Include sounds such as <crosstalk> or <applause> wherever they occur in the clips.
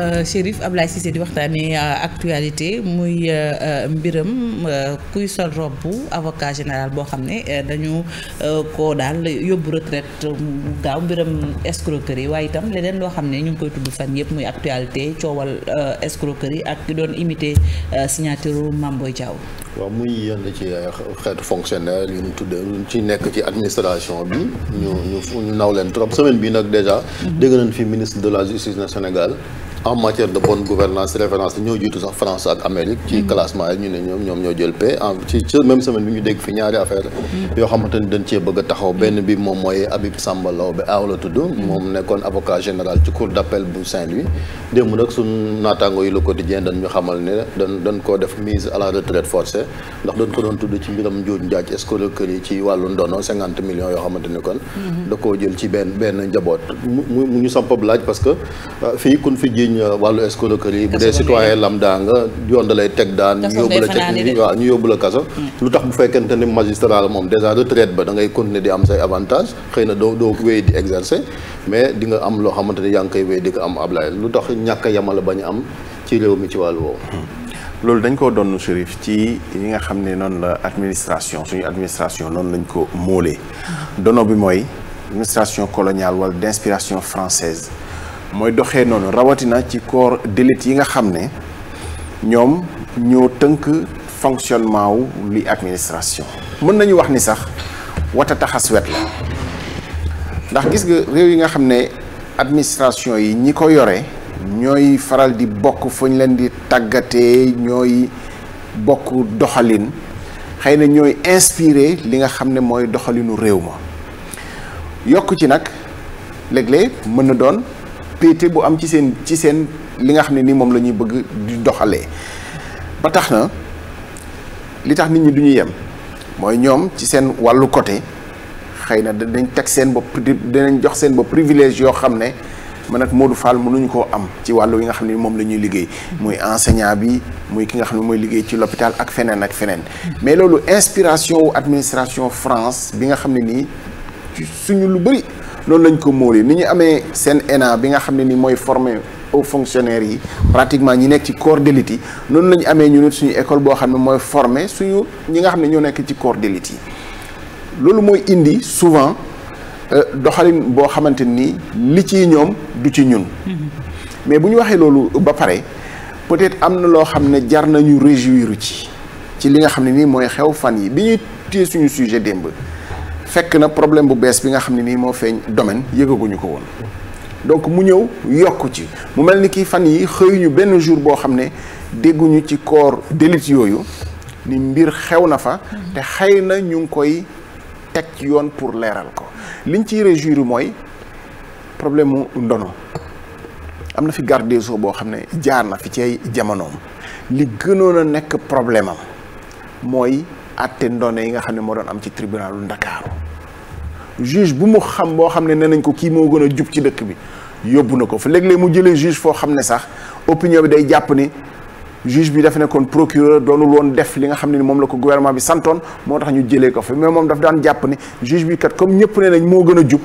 Euh, Chérif Ablaye Cissé di waxtaanee euh, actualité muy euh, mbiram kuy sol bu avocat général boo xam ne dañu koo daal yóbbu retraite gaaw mbiram escroquerie waaye itam leneen loo xam ne ñu ngi koy tudd fan yëpp muy actualité coowal escroquerie ak ki doon imité signature Mame Boye Diao waaw muy yenn ci xeetu fonctionnaire yu ñu tuddee ñu ci nekk ci administration bi ñu ñu ñu naw leen trop semaine bi nag déjà mhm. dégg nañ fi ministre de la justice na Sénégal en matière de bonne gouvernance référence ñoo jiitu sax France ak Amérique ci mm-hmm. classement yi ñu ne ñoom ñoo jël paie en ci même semaine bi ñu dégg fi ñaari affaire mm-hmm. yoo xamante ni dañ bëgg a taxaw benn mm-hmm. bi moom mooy Habib Samba Laobé Aw tudd moom nekkoon avocat général ci cour d'appel bu Saint-Louis démb nag suñ naataango yi Le Quotidien dañ ñu xamal ne dañ dañ def mise à la retraite forcée ndax dañ ko doon tudd ci mbiram njuuj njaaj escroquerie ci wàllu ci jiiñ euh, wàllu escroquerie bu dee citoyen lambda nga yoon da lay teg daan ñu yóbbu la ca lu tax bu fekkente ni magistrat moom déjà retraite ba da ngay continuer di am say avantage xëy na doo wéy di exercer mais di nga am loo xamante ni yaa ngi koy wéy di ko am Ablaye lu tax ñàkk yamala ba ñu am ci réew mi ci wàll woowu hmm. loolu dañ koo doon Chérif ci yi nga xam ne noonu la administration suñu administration noonu lañ ko móolee hmm. dono bi mooy administration coloniale wala d'inspiration française mooy doxee noonu rawatina ci corps d'élite yi nga xam ne ñoom ñoo tënk fonctionnement wu li administration mën nañu wax ni sax wata taxas wet la ndax gis nga réew yi nga xam ne administration yi ñi ko yore ñooy faral di bokk fu leen di tàggatee ñooy bokk doxalin xëy na ñooy inspiré li nga xam ne mooy doxalinu réew ma yokk ci nag léeg-léeg mën na doon péete bu am ci seen ci seen li nga xam ne nii moom la ñuy bëgg di doxalee ba tax na li tax nit ñi du ñu yem mooy ñoom ci seen wàllu côté xëy na dañ teg seen bopp dinañ jox seen bopp privilège yoo xam ne man ak Modou Fall mënuñu koo am ci wàllu yi nga xam ne moom la ñuy liggéey muy enseignant bi muy ki nga xam ne mooy liggéey ci l'hôpital ak feneen ak feneen mais loolu inspiration wu administration France bi nga xam ne nii suñu lu bëri noonu lañ ko móolee ni ñu amee seen ENA bi nga xam ne ni mooy formé aux fonctionnaires yi pratiquement ñi nekk ci corps d'élite noonu la ñu amee ñu nit suñu école boo xam ne mooy formé suñu ñi nga xam ne ñoo nekk ci corps d'élite loolu mooy indi souvent euh, doxalin boo xamante ni li ci ñoom du ci ñun. Mm-hmm. mais bu ñu waxee loolu ba pare peut-être am na loo xam ne jar nañu réjouir ci ci li nga xam ne nii mooy xew fan yi bi ñuy téye suñu sujet démb. fekk na problème bu bees bi nga xam ne nii moo feeñ domaine yëgaguñu ko woon donc mu ñëw yokku ci mu mel ni ki fan yi xëyuñu benn jour boo xam ne dégguñu ci koor d'élite yooyu ni mbir xew na fa te xëy na ñu ngi koy teg ci yoon pour leeral ko liñ ciy réjouir mooy problème mu ndono am na fi garde des boo xam ne jaar na fi ci ay li gënoon a nekk problème am mooy àtte ndono yi nga xam ne moo doon am ci tribunalu Ndakaaru juge bu mu xam boo xam ne nee nañ ko kii moo gën a jub ci dëkk bi yóbbu na ko fa léeglee mu jëlee juge foo xam ne sax opinion bi day jàpp ni juge bi daf nekkoon procureur doonul woon def li nga xam ne ni moom la ko gouvernement bi santoon moo tax ñu jëlee ko fa mais moom daf daan jàpp ni juge bi kat comme ñëpp ne nañ moo gën a jub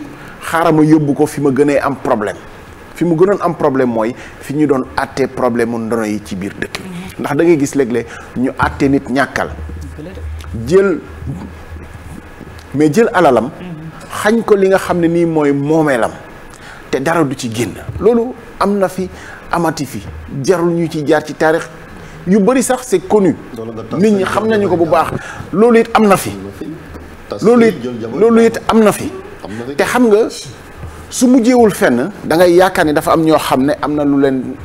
xaaral ma yóbbu ko fi ma gënee am problème fi mu gënoon am problème mooy fi ñu doon àttee problème mu ndono yi ci biir dëkk ndax da ngay gis léeg-léeg ñu àtte nit ñàkkal jël mais jël alalam xañ ko li nga xam ne nii mooy moomeelam te dara du ci génn loolu am na fi amati fi jarul ñu ci jaar ci taarix yu bëri sax c'est connu nit ñi xam nañu ko bu baax loolu it am na fi loolu it loolu it am na fi te xam nga su mujjeewul fenn da ngay yaakaar ni dafa am ñoo xam ne am na lu leen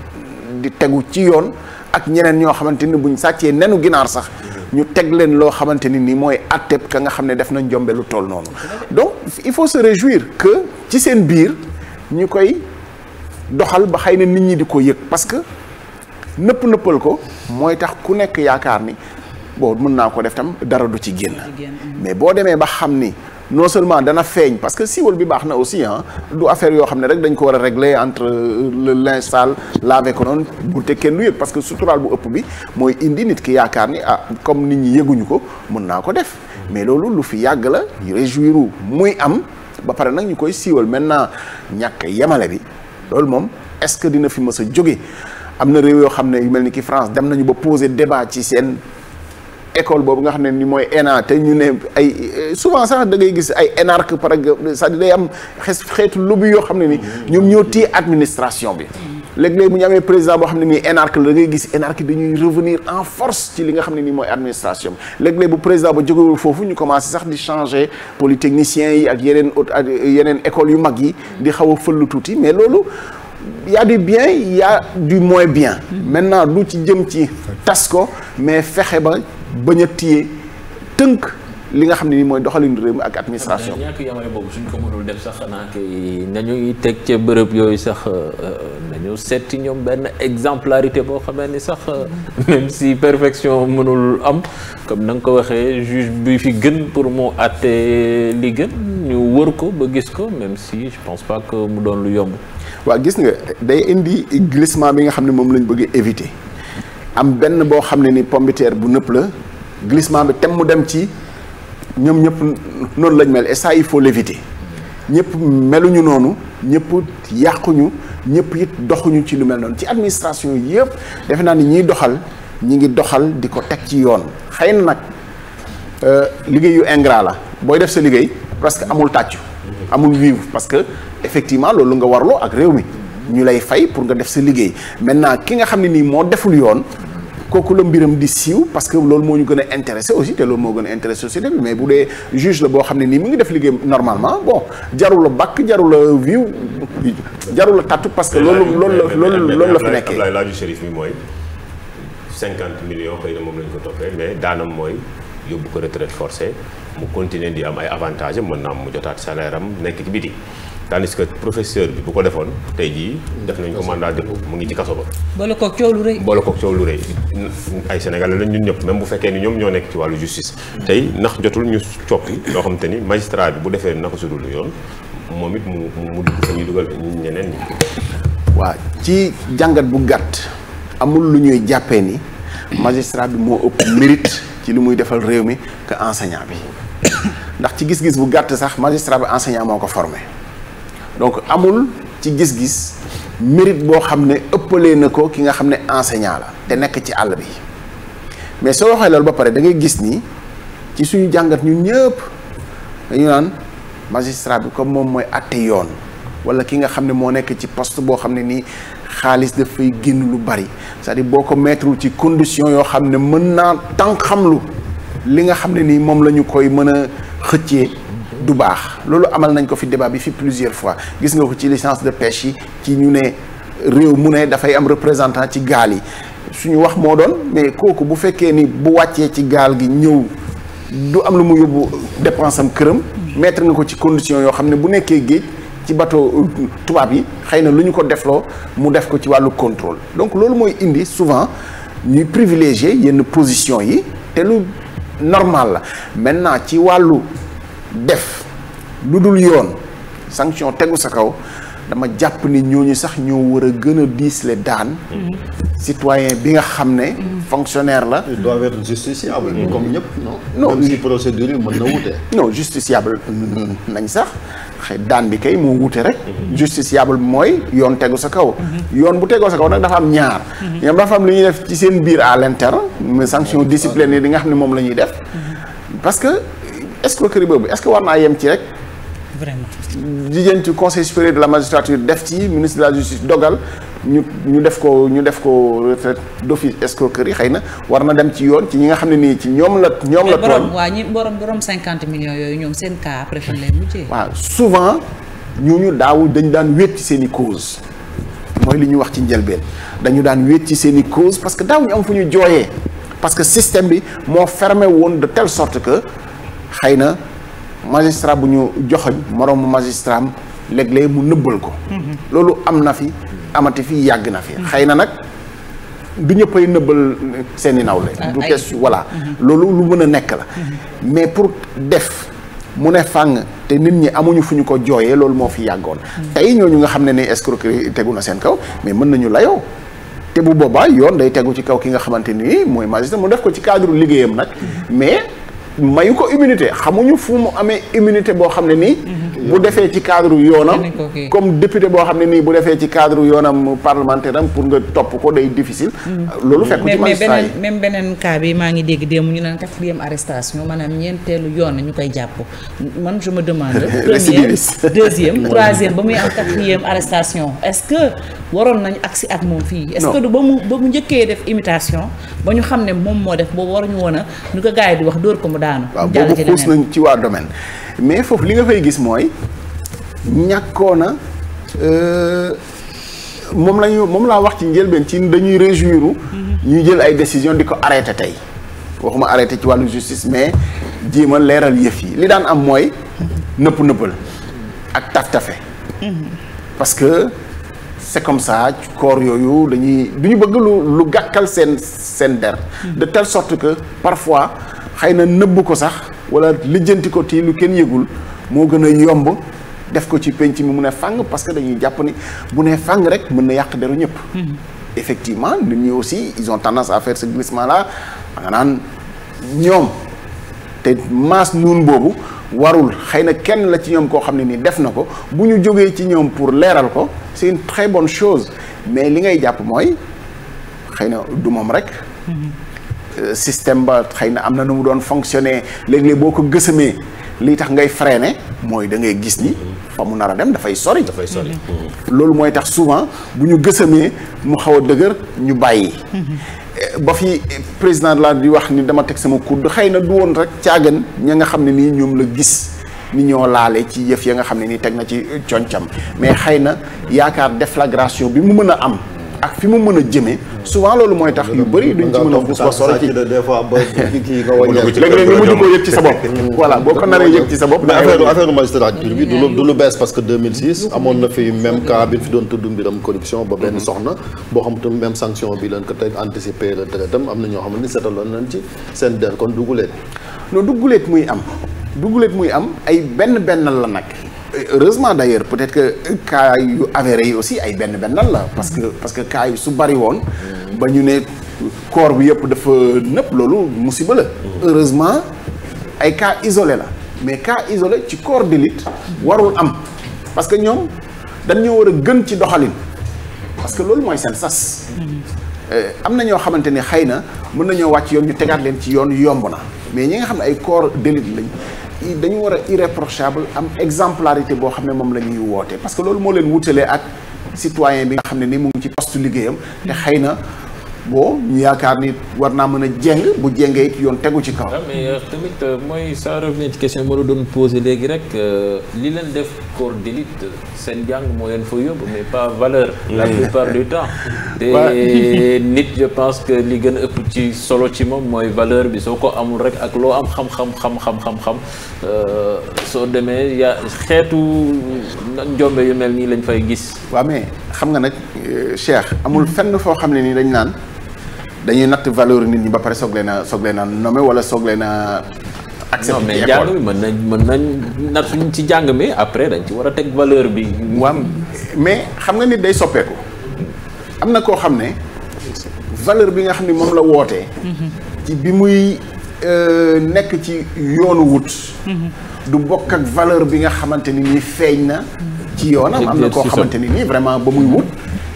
di tegu ci yoon ak ñeneen ñoo xamante ni buñ sàccee nenu ginaar sax ñu teg leen loo xamante ni ni mooy atteb ka nga xam ne def nañ jombe tool noonu donc il faut se réjouir que ci seen biir ñu koy doxal ba xëy na nit ñi di ko yëg parce que nëpp nëppal ko mooy tax ku nekk yaakaar ni boo mun naa ko def tam dara du ci génn mais boo demee ba xam ni non seulement dana feeñ parce que siiwal bi baax na aussi ah du affaire yoo xam ne rek dañ ko war a régler entre euh, le linge sale laver ko noonu bu te kenn du yëg parce que suturaal bu ëpp bi mooy indi nit ki yaakaar ni ah comme nit ñi yëguñu ko mën naa ko def mais loolu lu fi yàgg la réjouir muy am ba pare nag ñu koy siiwal maintenant ñàkk yemale bi loolu moom est-ce que dina fi mës a jóge am na réew yoo xam ne yu mel ni ki France dem nañu ba poser débat ci seen école boobu nga xam ne ni mooy ENA te ñu ne ay euh, souvent sax da ngay gis ay énarque par exemple sax à day am xes xeetu lobby yoo xam ne ni ñoom ñoo téye administration bi léeg-léeg mu ñu amee président boo xam ne nii énarque la da ngay gis énarque dañuy revenir en force ci li nga xam ne nii mooy administration bi léeg-léeg bu président ba jógewul foofu ñu commencé sax di changer polytechniciens yi ak yeneen ak yeneen école yu mag yi di xaw a fëllu tuuti mais loolu y du bien y a du bien maintenant du ci jëm ci tas ko mais fexe ba bañ a tënk li nga xam ne ni mooy doxalin réew mi ak administration. ñàkk boobu suñ ko mënul def sax xanaa kay nañuy teg ca bërëb yooyu sax euh, euh, nañu seeti ñoom benn exemplarité boo xamee ni sax euh, même si perfection mënul am comme na nga ko waxee juge bi fi gën pour mu àtte li gën ñu wër ko ba gis ko même si je pense pas que mu doon lu yomb. waa gis nga day indi glissement bi nga xam ne moom lañ bëgg éviter. am benn boo xam ne ni pombiteer bu nëpp la glissement bi tem mu dem ci ñoom ñëpp noonu lañ mel et ça il faut l'éviter melu ñu noonu ñëpp yàquñu ñëpp it doxuñu ci lu mel noonu ci administration yëpp defe naa ni ñiy doxal ñi ngi doxal di ko teg ci yoon xëy na nag euh, liggéeyu ingrat la booy def sa liggéey presque amul tàccu amul wiiw parce que effectivement loolu nga warloo ak réew mi ñu lay fay pour nga def sa liggéey maintenant ki nga xam ne nii moo deful yoon kooku la mbiram di siiw parce que loolu moo ñu gën a intéressé aussi te loolu moo gën a intéressé société bi mais bu dee juge la boo xam ne nii mu ngi def liggéey normalement bon jarul la bakk jarul la viw jarul la parce que loolu loolu la loolu la fi nekkee Ablaye laaju shérif bi mooy cinquante millions xëy na moom lañ ko toppee mais daanam mooy yóbbu ko retraite forcée mu continuer di am ay avantages mën naa am mu jotaat salaire am nekk ci biti tandis que professeur bi bu ko defoon tey jii def nañ ko mandat de mu ngi ci kaso ba. boole koog coow lu rëy. boole koog coow lu rëy ay sénégalais lañ ñun ñëpp même bu fekkee ni ñoom ñoo nekk ci wàllu justice. tey ndax jotul ñu coppi loo xam ni magistrat bi bu defee naka su dul yoon moom it mu mu dugg fa ñuy dugal ñeneen ñi. waaw ci jàngat bu gàtt amul lu ñuy jàppee ni magistrat bi moo ëpp mérite ci li muy defal réew mi que enseignant bi ndax ci gis-gis bu gàtt sax magistrat bi moo ko formé. donc amul ci gis-gis mérite boo xam ne ëppalee na ko ki nga xam ne enseignant la te nekk ci àll bi mais soo waxee loolu ba pare da ngay gis nii ci suñu jàngat ñun ñëpp dañu naan magistrat bi comme moom mooy àtte yoon wala ki nga xam ne moo nekk ci poste boo xam ne nii xaalis dafay génn lu bari cest à boo ko mettre ci condition yoo xam ne mën naa tànqamlu li nga xam ne nii moom la ñu koy mën a xëccee du baax loolu amal nañ ko fi débat bi fi plusieurs fois gis nga ko ci licence de pêche yi ci ñu ne réew mu ne dafay am représentant ci gaal yi suñu wax moo doon mais kooku bu fekkee ni bu wàccee ci gaal gi ñëw du am lu mu yóbbu dépense am këram mettre na ko ci condition yoo xam ne bu nekkee géej ci bateau tubaab yi xëy na lu ñu ko defloo mu def ko ci wàllu contrôle donc loolu mooy indi souvent ñuy privilégier yenn position yi te lu normal la maintenant ci wàllu def lu dul yoon sanction tegu sa kaw dama jàpp ni ñooñu sax ñoo war a gën a diisle daan. Mhm. citoyen bi nga xam ne. Mhm. fonctionnaire la. il doit être justiciable. Mhm. comme ñëpp non. non même si procédure yi mën na wute. nañ sax xëy daan bi kay moo wute rek. justiciable mooy yoon tegu sa kaw. yoon bu tegoo sa kaw nag dafa am ñaar. ñoom dafa am lu ñuy def ci seen biir à l'interne. sanction disciplinaire yi nga xam ne moom la ñuy def. parce escroquerie boobu est-ce que war naa yem ci rek. vraiment jigéen ci conseil supérieur de la magistrature def ci ministre de la justice dogal ñu ñu def ko ñu def ko retraite d'office yi xëy na war na dem ci yoon ci ñi nga xam ne nii ci ñoom la. ñoom la toll mais waa ñi borom borom cinquante millions yooyu ñoom seen cas après fan lay mujjee. waaw souvent ñooñu daaw dañu daan wéet ci seen i cause mooy li ñu wax ci njëlbeen dañu daan wéet ci seen i cause parce que daaw ñu am ñu jooyee parce que système bi moo fermé woon de telle sorte que. xëy na magistrat bu ñu joxoñ moroomu magistrat am mu nëbbal ko loolu am na fi amati fi yàgg na fi xëy na nag du ñëppay nëbbal seen i nawle ah, du kes voilà mhm. loolu lu mën a nekk la mhm. mais pour def mu ne fàng te nit ñi amuñu fu ñu ko jooyee loolu moo fi yàggoon mhm. tey ñooñu nga xam ne ni escroquerie tegu na seen kaw mais mën nañu layoo te bu boobaa yoon day tegu ci kaw ki nga xamante ni mooy magistrat mu def ko ci cadre liggéeyam nag mais mayu ko immunité xamuñu fu mu amee immunité boo xam ne nii. bu defee ci cadre yoonam comme député boo xam ne nii bu defee ci cadre yoonam parlementaire am pour nga topp ko day difficile mm. loolu fekk ci magistrat beneen cas bi maa ngi dégg démb ñu naan quatrième arrestation maanaam ñeenteelu yoon ñu koy jàpp man je me demande <laughs> première <laughs> deuxième troisième ba muy am quatrième arrestation est-ce que waroon nañ agsi ak moom fii est-ce que du ba mu ba mu njëkkee def imitation ba ñu xam ne moom moo def boobu waruñu woon ñu ko gars yi di wax dóor ko mu daanu waaw boobu ci waa domaine mais foofu li nga fay gis mooy ñàkkoona euh, moom la ñu moom laa wax ci njëlbeen ci dañuy réjouir ñuy jël ay décision di ko arrêté tey waxuma arrêté ci wàllu justice mais jéem a leeral yëf yi li daan am mooy nëpp nëppal ak taf tafe parce que c'est comme ça corps yooyu dañuy du ñu bëgg lu lu gàkkal seen seen der de telle sorte que parfois xëy na nëbb ko sax wala lijjanti ko ci lu kenn yëgul moo gën a yomb def ko ci penc mi mu ne fàng parce que dañuy jàpp ni bu ne fàng rek mën na yàq deru ñëpp. Mhm. effectivement nit ñi aussi ils ont tendance à faire ce glissement là nga ñoom te maas nuun boobu warul xëy na kenn la ci ñoom koo xam ne nii def na ko bu ñu jógee ci ñoom pour leeral ko c'est une très chose mais li ngay jàpp mooy xëy na du moom rek. Mhm. système ba xëy na am na nu mu doon fonctionner léegi léeg boo ko gësëmee lii tax ngay ne mooy da ngay gis ni fa mu nar a dem dafay sori. dafay sori. Mm-hmm. Mm-hmm. loolu mooy tax souvent bu ñu gësëmee mu xaw a dëgër ñu bàyyi. Mm-hmm. ba fi président de la di wax ni dama teg sama kudd xëy na du woon rek caagan ña nga xam ne nii ñoom la gis ni ñoo laale ci yëf ya nga xam ne nii teg na ci concam mais xëy na yaakaar déflagration bi mu mën a am. ak fi mu mën a jëmee souvent loolu mooy tax yu bëri duñ ci mën a xuus ci des fois ba kii nga yëg ci sa bopp <laughs> voilà boo ko naree yëg ci sa bopp mais affaire affaire magistrature bi du lu bees parce que amoon na fi même cas fi doon tudd mbiram corruption ba benn soxna boo xam te même sanction bi leen ko teg anticiper le traité am na ñoo xam ne setaloon nañ ci seen der kon duguleet non duguleet muy am duguleet muy am ay benn benn la nag heureusement d'ailleurs peut-être que cas yu avéré yi aussi ay benn benn la parce que parce que cas yi su bari woon ba ñu ne corps bi yëpp dafa nëpp loolu musiba la heureusement ay cas isole la mais cas isole ci corps d'élite warul am parce que ñoom dañ ñoo war a gën ci doxalin parce que loolu mooy seen sas euh, am na ñoo xamante ni xëy na mën nañoo wàcc yoon ñu tegaat leen ci yoon yomb na mais ñi nga xam ne ay corps d'élite lañ dañu war a irréprochable am exemplarité boo xam ne moom la ñuy woote parce que loolu moo leen wutalee ak citoyen bi nga xam ne ni mu ngi ci poste liggéeyam te xëy na bo ñu yaakaar ni war naa mën a jeng bu jengee it yoon tegu ci kaw. Ah, mais euh, tamit euh, mooy ça revenir ci question la doon posé léegi rek euh, li leen def corps d'élite seen jàng moo leen fa yóbbu mais pas valeur. la plupart du temps. <laughs> te <laughs> nit je pense que li gën a ëpp ci solo ci moom mooy valeur bi soo ko amul rek ak loo am xam-xam xam-xam xam soo demee xeetu njombe yu mel nii lañ fay gis. waa mais xam nga nag Cheikh amul fenn foo xam ne nii dañ naan. dañuy natt valeur nit ñi ba pare soog leen a soog leen a nommé wala soog a accès non mais jàng mën nañ mën nañ ci jàng mi après dañ ci war a teg valeur bi. waaw mais xam nga nit day soppeeku am na koo xam ne valeur bi nga xam ne moom la wootee. ci bi muy euh, nekk ci yoonu wut. du bokk ak valeur bi nga xamante ni nii feeñ na. ci yoonam am na koo xamante ni nii vraiment ba muy wut.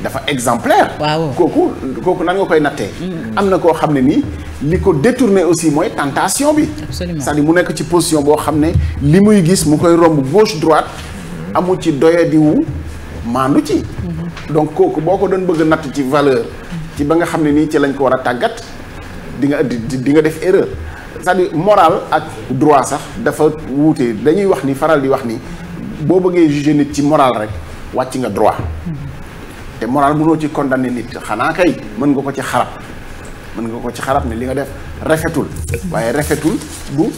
dafa exemplaire. waaw kooku kooku nan nga koy nattee. Mm-hmm. am na koo xam ne nii li ko détourné aussi mooy tentation bi. absolument cest mu nekk ci position boo xam ne li muy gis mu koy romb gauche droite amu ci doyadiwu maandu ci. Mm-hmm. donc kooku boo ko doon bëgg natt ci valeur. ci ba nga xam ne nii ci lañ ko war a tàggat di nga di nga def erreur. c'est-à-dire moral ak droit sax dafa wuute dañuy wax ni faral di wax ni boo bëggee juger nit ci moral rek wàcc nga droit. Mm-hmm. te moral mënoo ci condamné nit xanaa kay mën nga ko ci xarab mën nga ko ci xarab ne li nga def rafetul waaye rafetul bu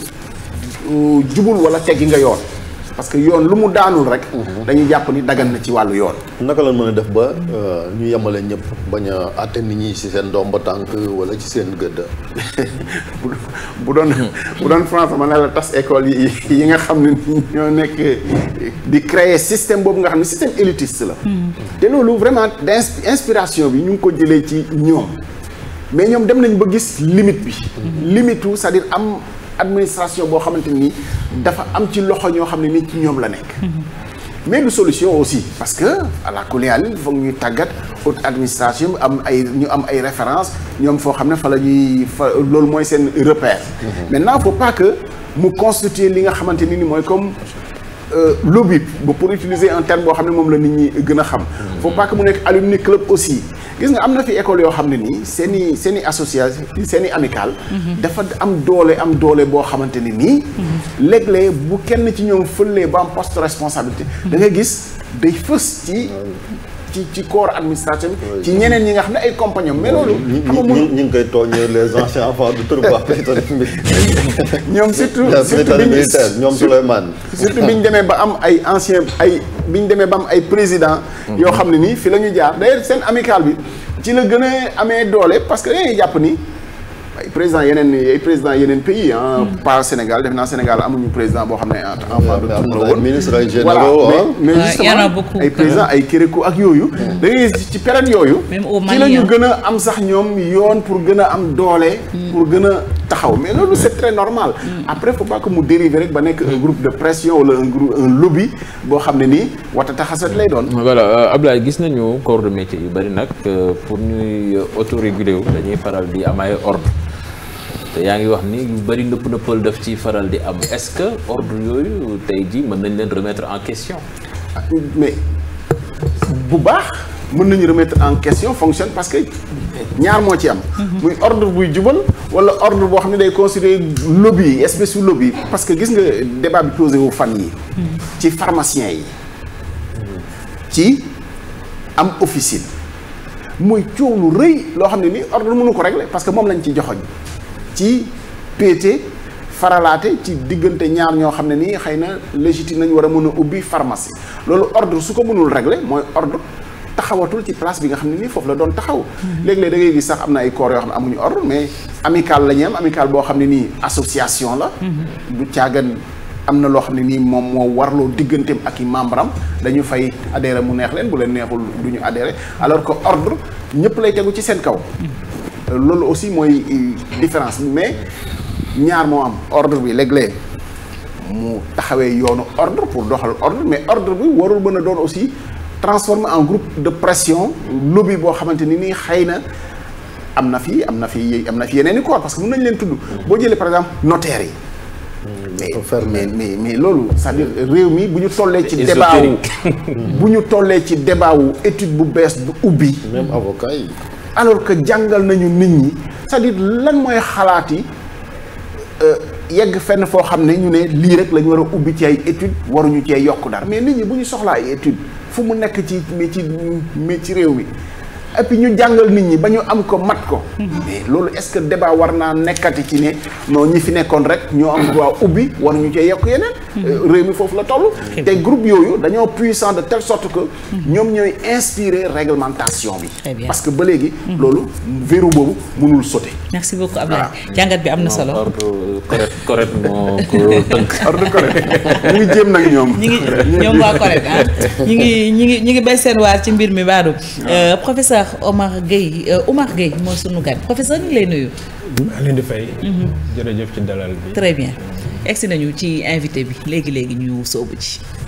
euh, jubul wala teggi nga yoon parce que yoon lu mu daanul rek. Mhm. dañuy jàpp ni dagan na ci wàllu yoon. naka la mën a def ba euh, ñu yemale ñëpp bañ a àtte nit ñi ci seen doom ba tànk ci seen gëdd. <laughs> bu doon bu doon France ma ne la tas école yi yi nga xam ne ñoo nekk di créer système boobu nga xam ne système élitiste la. Hmm. te loolu vraiment inspiration bi ñu ngi ko jëlee ci ñoom. mais ñoom dem nañ ba gis limite bi. Hmm. limitu c'est-à-dire am administration boo xamante ni dafa am ci loxo ñoo xam ne ni ci ñoom la nekk mais du solution aussi parce que à la kuléal foog ñu tàggat haute administration am ay ñu am ay référence ñoom foo xam ne fa la ñuy fa loolu mooy seen repère mhm. maintenant faut pas que mu constituer li nga xamante ni ni mooy comme euh, lobby bu pour utiliser un terme boo xam ne moom la nit ñi gën a xam mhm. faut pas que mu nekk alumni club aussi gis nga am na fi école yoo xam ne nii seen i seen i association seen i amicale mhm. dafa am doole am doole boo xamante ni nii mhm. léeg-léeg bu kenn ci ñoom fëlee ba am poste responsabilité mhm. da nga gis day fës ci ah ci ci corps administratif bi ci ñeneen ñi nga xam ne ay compagnons mais loolu ñu ngi koy tooñee les anciens enfants de Touba <laughs> ñoom surtout surtout biñu ñoom surtout bi ñu demee ba am ay anciens ay bi ñu demee ba am ay président yoo xam ne nii fi la ñu jaar d'ailleurs seen amical bi ci la gën a amee doole parce que dañuy jàpp ni ay président yeneen ay président yeneen pays ah. Hmm. pas Sénégal def naa Sénégal amuñu président boo xam ne ah, en temps de tour la woon. ministre ay généraux voilà mais ah. mais justement ay président ay kéréku ak yooyu. Hmm. da ci période yooyu. même au ñu gën a am sax ñoom yoon pour gën a am doole. Hmm. pour gën a taxaw mais loolu c'est très normal mm. après faut pas que mu dérive rek ba nekk un groupe de pression wala un groupe un lobby boo xam ne nii watata xasat lay doon voilà euh, Ablaye gis nañu corps de yu bari nag euh, pour ñuy euh, autoréguler wu dañuy faral di am ay ordre te yaa ngi wax ni yu bari nëpp nëppal def ci faral di am est-ce que ordre yooyu tey jii mën nañ leen remetre en question ah, mais bu baax mën nañu remettre en question fonctionne parce que ñaar moo ci am. muy ordre buy jubal wala ordre boo xam ne day considérer lobby yi espèce su lobby parce que gis nga débat bi posé wu fan yi ci pharmacien yi. ci am officine. mooy coow lu rëy loo xam ne ni ordre mënu ko régler parce que moom lañ ci joxoñ ci péete faralaate ci diggante ñaar ñoo xam ne nii xëy na légitime nañ war a mën a ubbi pharmacie loolu ordre su ko mënul regle mooy ordre. taxawatul ci place bi nga xam ne nii foofu la doon taxaw léeg-léeg da sax am na ay corps yoo xam ne amuñu ordre mais amical la ñu am boo xam ne nii association la du caagan am na loo xam ne nii moom moo warloo digganteem ak membre am dañu fay adhéré mu neex leen bu leen neexul du ñu adhéré alors que ordre ñëpp lay tegu ci seen kaw loolu aussi mooy différence mais ñaar moo am ordre bi léeg-léeg mu taxawee yoonu ordre pour doxal ordre mais ordre bi warul mën a doon aussi transformé en groupe de pression lobby boo xamante ni nii xëy na am na fi am na fi am na fi yeneen i quoi parce que mën nañ leen tudd. boo jëlee par exemple notaire yi. Hmm, mais mais mais loolu sax à réew mi bu ñu tollee ci débat <laughs> bu ñu tollee ci débat étude bu bees bu ubbi même avocat yi alors que jàngal nañu nit ñi cest à lan mooy xalaat yi euh, yegg fenn foo xam ne ñu ne lii rek la war a ubbi ci ay étude waruñu cee yokk dara mais nit ñi bu ñu soxlaa ay étude fu mu nekk ci mais ci mais ci réew mi et puis ñu jàngal nit ñi ba ñu am ko mat ko. loolu est-ce que débat war naa nekkati ci ne non ñi fi nekkoon rek ñoo am droit ubbi war ñu cee yokk yeneen. Euh, foofu la toll. te groupe yooyu dañoo puissant de telle sorte que. ñoom ñooy inspirer réglementation bi. parce que ba léegi. loolu verrou boobu mënul sauter. merci beaucoup Abdoulaye bi am na solo. correct correct moo ko tënk. <laughs> ordre correct ñu waa correct ah ñu ngi ñu ngi ñu seen waar ci mbir mi baadu euh, professeur. Makhtar Omar Gueye euh, Omar Gueye mooy sunu gan professeur ñu ngi lay nuyu. maa leen di fay. Mhm. jërëjëf ci dalal bi. très bien egsi nañu ci invité bi léegi léegi ñu sóobu ci.